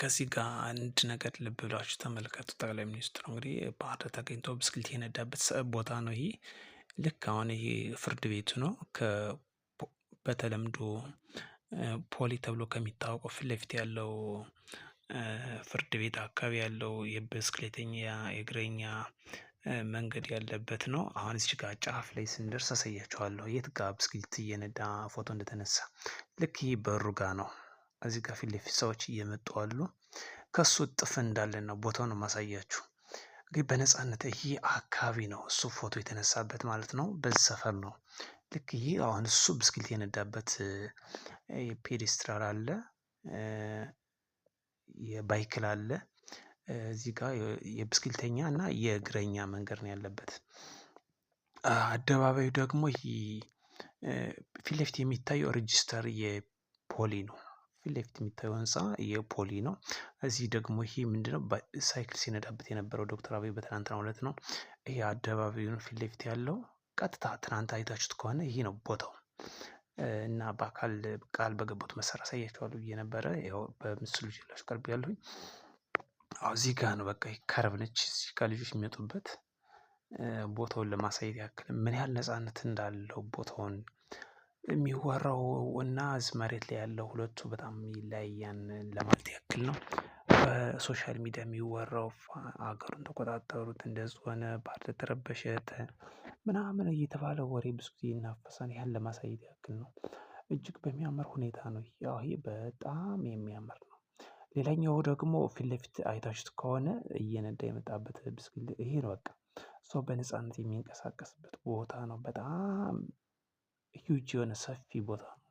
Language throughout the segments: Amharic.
ከዚህ ጋር አንድ ነገር ልብ ብላችሁ ተመልከቱ። ጠቅላይ ሚኒስትሩ እንግዲህ ባህር ዳር ተገኝቶ ብስክሌት የነዳበት ቦታ ነው። ይሄ ልክ አሁን ይሄ ፍርድ ቤቱ ነው። በተለምዶ ፖሊ ተብሎ ከሚታወቀው ፊት ለፊት ያለው ፍርድ ቤት አካባቢ ያለው የብስክሌተኛ የእግረኛ መንገድ ያለበት ነው። አሁን እዚህ ጋር ጫፍ ላይ ስንደርስ አሳያችኋለሁ፣ የት ጋር ብስክሌት እየነዳ ፎቶ እንደተነሳ ልክ ይህ በሩ ጋ ነው። እዚህ ጋር ፊት ለፊት ሰዎች እየመጡ አሉ። ከሱ እጥፍ እንዳለ ነው ማሳያችሁ። እንግዲህ በነጻነት ይህ አካባቢ ነው እሱ ፎቶ የተነሳበት ማለት ነው። በዚህ ሰፈር ነው። ልክ ይህ አሁን እሱ ብስክሊት የነዳበት የፔዴስትራል አለ፣ የባይክል አለ። እዚህ ጋር የብስክሊተኛ እና የእግረኛ መንገድ ነው ያለበት። አደባባዩ ደግሞ ፊት ለፊት የሚታየው ሬጅስተር የፖሊ ነው። ፊት ለፊት የሚታየው ህንፃ የፖሊ ነው። እዚህ ደግሞ ይሄ ምንድነው ሳይክል ሲነዳበት የነበረው ዶክተር አብይ በትናንት ዕለት ነው። ይሄ አደባባዩን ፊት ለፊት ያለው ቀጥታ ትናንት አይታችሁት ከሆነ ይሄ ነው ቦታው እና በአካል ቃል በገቡት መሰረት አሳያችኋለሁ ብዬ ነበረ። ያው በምስሉ ላሽ ቀርብ ያለሁኝ እዚህ ጋ ነው። በቃ ከርብ ነች እዚህ ጋ ልጆች የሚወጡበት ቦታውን ለማሳየት ያክል ምን ያህል ነፃነት እንዳለው ቦታውን የሚወራው እና መሬት ላይ ያለው ሁለቱ በጣም ይለያያን ለማለት ያክል ነው። በሶሻል ሚዲያ የሚወራው ሀገሩን ተቆጣጠሩት እንደዚህ ሆነ ባህር ተረበሸ ምናምን እየተባለ ወሬ ብዙ ጊዜ ይናፈሳል ያን ለማሳየት ያክል ነው። እጅግ በሚያምር ሁኔታ ነው ያው ይሄ በጣም የሚያምር ነው። ሌላኛው ደግሞ ፊት ለፊት አይታችሁት ከሆነ እየነዳ የመጣበት ብስክል ይሄ ነው በቃ ሰው በነፃነት የሚንቀሳቀስበት ቦታ ነው በጣም ሂውጅ የሆነ ሰፊ ቦታ ነው።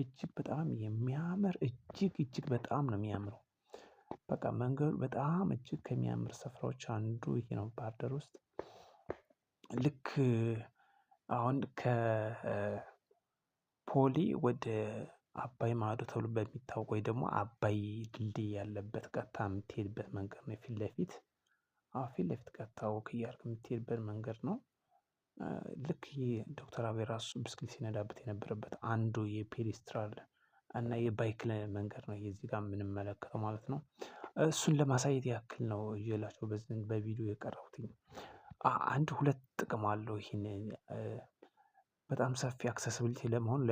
እጅግ በጣም የሚያምር እጅግ እጅግ በጣም ነው የሚያምረው። በቃ መንገዱ በጣም እጅግ ከሚያምር ስፍራዎች አንዱ ይሄ ነው ባህር ዳር ውስጥ። ልክ አሁን ከፖሊ ወደ አባይ ማዶ ተብሎ በሚታወቅ ወይ ደግሞ አባይ ድልድይ ያለበት ቀጥታ የምትሄድበት መንገድ ነው ፊት ለፊት። ፊት ለፊት ቀጥታ ወክ እያደረክ የምትሄድበት መንገድ ነው ልክ ዶክተር አብይ ራሱ ብስክሌት ሲነዳበት የነበረበት አንዱ የፔዲስትራል እና የባይክል መንገድ ነው እዚህ ጋር የምንመለከተው ማለት ነው። እሱን ለማሳየት ያክል ነው እየላቸው በዚህ በቪዲዮ የቀረቡት። አንድ ሁለት ጥቅም አለው ይህን በጣም ሰፊ አክሰስብሊቲ ለመሆኑ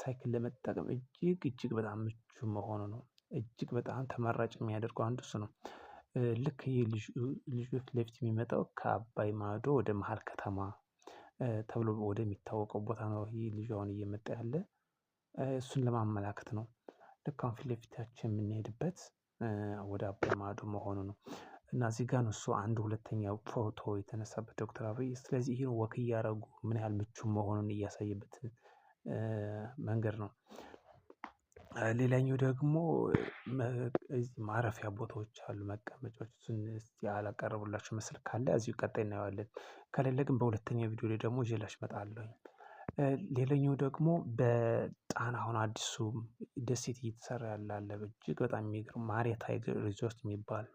ሳይክል ለመጠቀም እጅግ እጅግ በጣም ምቹ መሆኑ ነው። እጅግ በጣም ተመራጭ የሚያደርገው አንዱ እሱ ነው። ልክ ይህ ልጁ ፊት ለፊት የሚመጣው ከአባይ ማዶ ወደ መሀል ከተማ ተብሎ ወደሚታወቀው ቦታ ነው። ይህ ልጅ አሁን እየመጣ ያለ እሱን ለማመላከት ነው። ልክ አሁን ፊት ለፊታችን የምንሄድበት ወደ አባይ ማዶ መሆኑ ነው እና እዚህ ጋር እሱ አንድ ሁለተኛው ፎቶ የተነሳበት ዶክተር አብይ ስለዚህ ይህን ወክ እያደረጉ ምን ያህል ምቹ መሆኑን እያሳየበት መንገድ ነው። ሌላኛው ደግሞ ማረፊያ ቦታዎች አሉ መቀመጫዎች እሱን እስቲ አላቀረቡላችሁም ምስል ካለ እዚሁ ቀጣይ እናየዋለን። ከሌለ ግን በሁለተኛ ቪዲዮ ላይ ደግሞ ይዤላችሁ እመጣለሁኝ። ሌላኛው ደግሞ በጣና አሁን አዲሱ ደሴት እየተሰራ ያላለ እጅግ በጣም የሚገርም ማሪታ ሪዞርት የሚባል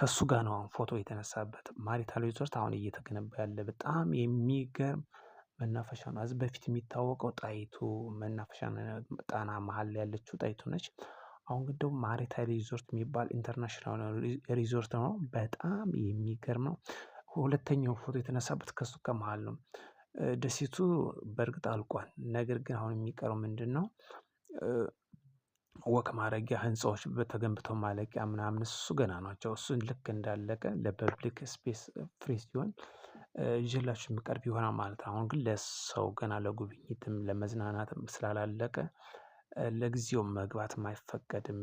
ከእሱ ጋር ነው አሁን ፎቶ የተነሳበት ማሪታ ሪዞርት አሁን እየተገነባ ያለ በጣም የሚገርም መናፈሻ ነው። ከዚህ በፊት የሚታወቀው ጣይቱ መናፈሻ ጣና መሃል ላይ ያለችው ጣይቱ ነች። አሁን ግን ደግሞ ማሪታይል ሪዞርት የሚባል ኢንተርናሽናል ሪዞርት ነው። በጣም የሚገርም ነው። ሁለተኛው ፎቶ የተነሳበት ከሱ ከመሃል ነው። ደሴቱ በእርግጥ አልቋል። ነገር ግን አሁን የሚቀረው ምንድን ነው? ወክ ማረጊያ ህንፃዎች ተገንብተው ማለቂያ ምናምን እሱ ገና ናቸው። እሱን ልክ እንዳለቀ ለፐብሊክ ስፔስ ፍሪ ሲሆን ይዤላችሁ የምቀርብ ይሆናል ማለት ነው። አሁን ግን ለሰው ገና ለጉብኝትም ለመዝናናትም ስላላለቀ ለጊዜው መግባት አይፈቀድም።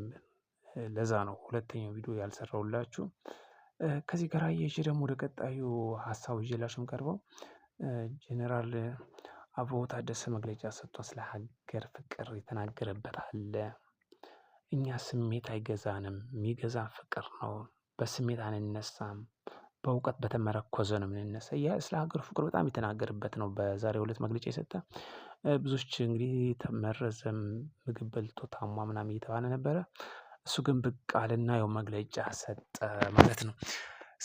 ለዛ ነው ሁለተኛው ቪዲዮ ያልሰራውላችሁ ከዚህ ጋር አያይዤ ደግሞ ወደ ቀጣዩ ሀሳብ ይዤላችሁ የምቀርበው ጀነራል አበባው ታደሰ መግለጫ ሰጥቶ ስለ ሀገር ፍቅር የተናገረበት አለ። እኛ ስሜት አይገዛንም፣ የሚገዛ ፍቅር ነው። በስሜት አንነሳም። በእውቀት በተመረኮዘ ነው የምንነሳ ይህ ስለ ሀገር ፍቅር በጣም የተናገርበት ነው። በዛሬው ዕለት መግለጫ የሰጠ ብዙዎች እንግዲህ ተመረዘ ምግብ በልቶ ታሟ ምናምን እየተባለ ነበረ። እሱ ግን ብቅ አለና ያው መግለጫ ሰጠ ማለት ነው።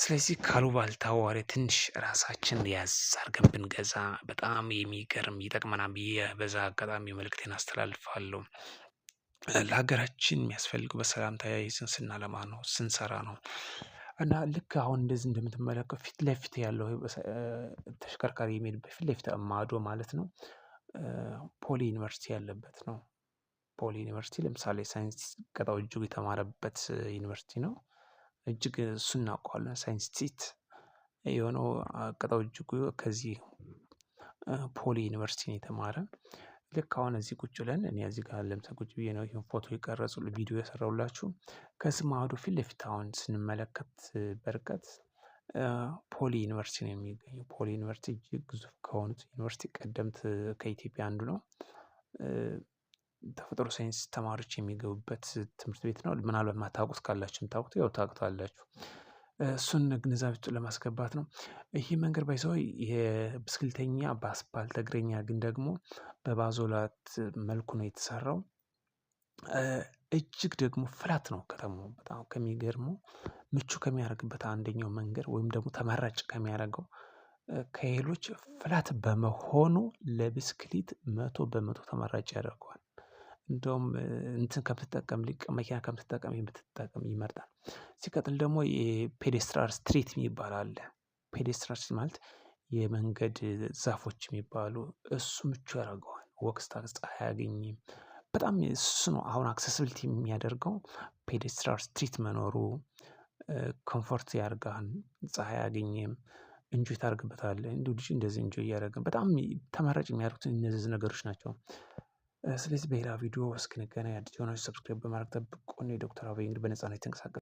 ስለዚህ ካሉባልታ ወሬ ትንሽ ራሳችን ያዝ አድርገን ብንገዛ በጣም የሚገርም ይጠቅመና ብዬ በዛ አጋጣሚ መልእክቴን አስተላልፋለሁ። ለሀገራችን የሚያስፈልገው በሰላም ተያይዘን ስናለማ ነው ስንሰራ ነው። እና ልክ አሁን እንደዚህ እንደምትመለከቱ ፊት ለፊት ያለው ተሽከርካሪ የሚሄድበት ፊት ለፊት ማዶ ማለት ነው ፖሊ ዩኒቨርሲቲ ያለበት ነው። ፖሊ ዩኒቨርሲቲ ለምሳሌ ሳይንስ ቀጣው እጅጉ የተማረበት ዩኒቨርሲቲ ነው። እጅግ እሱ እናውቀዋለን ሳይንስ ሲት የሆነው ቀጣው እጅጉ ከዚህ ፖሊ ዩኒቨርሲቲ ነው የተማረ ልክ አሁን እዚህ ቁጭ ብለን እኔ እዚህ ጋር ለምሳ ቁጭ ብዬ ነው ይሄን ፎቶ የቀረጹ ቪዲዮ የሰራውላችሁ። ከዚህ ማዶ ፊት ለፊት አሁን ስንመለከት በርቀት ፖሊ ዩኒቨርሲቲ ነው የሚገኘው። ፖሊ ዩኒቨርሲቲ እጅግ ግዙፍ ከሆኑት ዩኒቨርሲቲ ቀደምት ከኢትዮጵያ አንዱ ነው። ተፈጥሮ ሳይንስ ተማሪዎች የሚገቡበት ትምህርት ቤት ነው። ምናልባት የማታውቁት ካላችሁ የምታውቁት ያው ታውቁታላችሁ እሱን ግንዛቤ ውስጥ ለማስገባት ነው። ይህ መንገድ ባይሰው የብስክልተኛ በአስፓልት እግረኛ ግን ደግሞ በባዞላት መልኩ ነው የተሰራው። እጅግ ደግሞ ፍላት ነው ከተማው በጣም ከሚገርመው ምቹ ከሚያደርግበት አንደኛው መንገድ ወይም ደግሞ ተመራጭ ከሚያደርገው ከሌሎች ፍላት በመሆኑ ለብስክሊት መቶ በመቶ ተመራጭ ያደርገዋል። እንደውም እንትን ከምትጠቀም መኪና ከምትጠቀም ብትጠቀም ይመርጣል ሲቀጥል ደግሞ የፔዴስትራል ስትሪት የሚባል አለ። ፔዴስትራል ስትሪት ማለት የመንገድ ዛፎች የሚባሉ እሱ ምቹ ያደርገዋል ወክ ስታክ አያገኝም። በጣም እሱ ነው አሁን አክሰስብሊቲ የሚያደርገው ፔዴስትራል ስትሪት መኖሩ። ኮምፎርት ያደርግሃል ፀሐይ አያገኝም። እንጆ ታደርግበታለህ እንዲሁ ልጅ እንደዚህ እንጆ እያደረግን በጣም ተመራጭ የሚያደርጉት እነዚህ ነገሮች ናቸው። ስለዚህ በሌላ ቪዲዮ እስክንገናኝ አዲስ የሆናችሁ ሰብስክራይብ በማድረግ ጠብቁን። የዶክተር አብይ እንግዲህ በነፃነት የተንቀሳቀሰ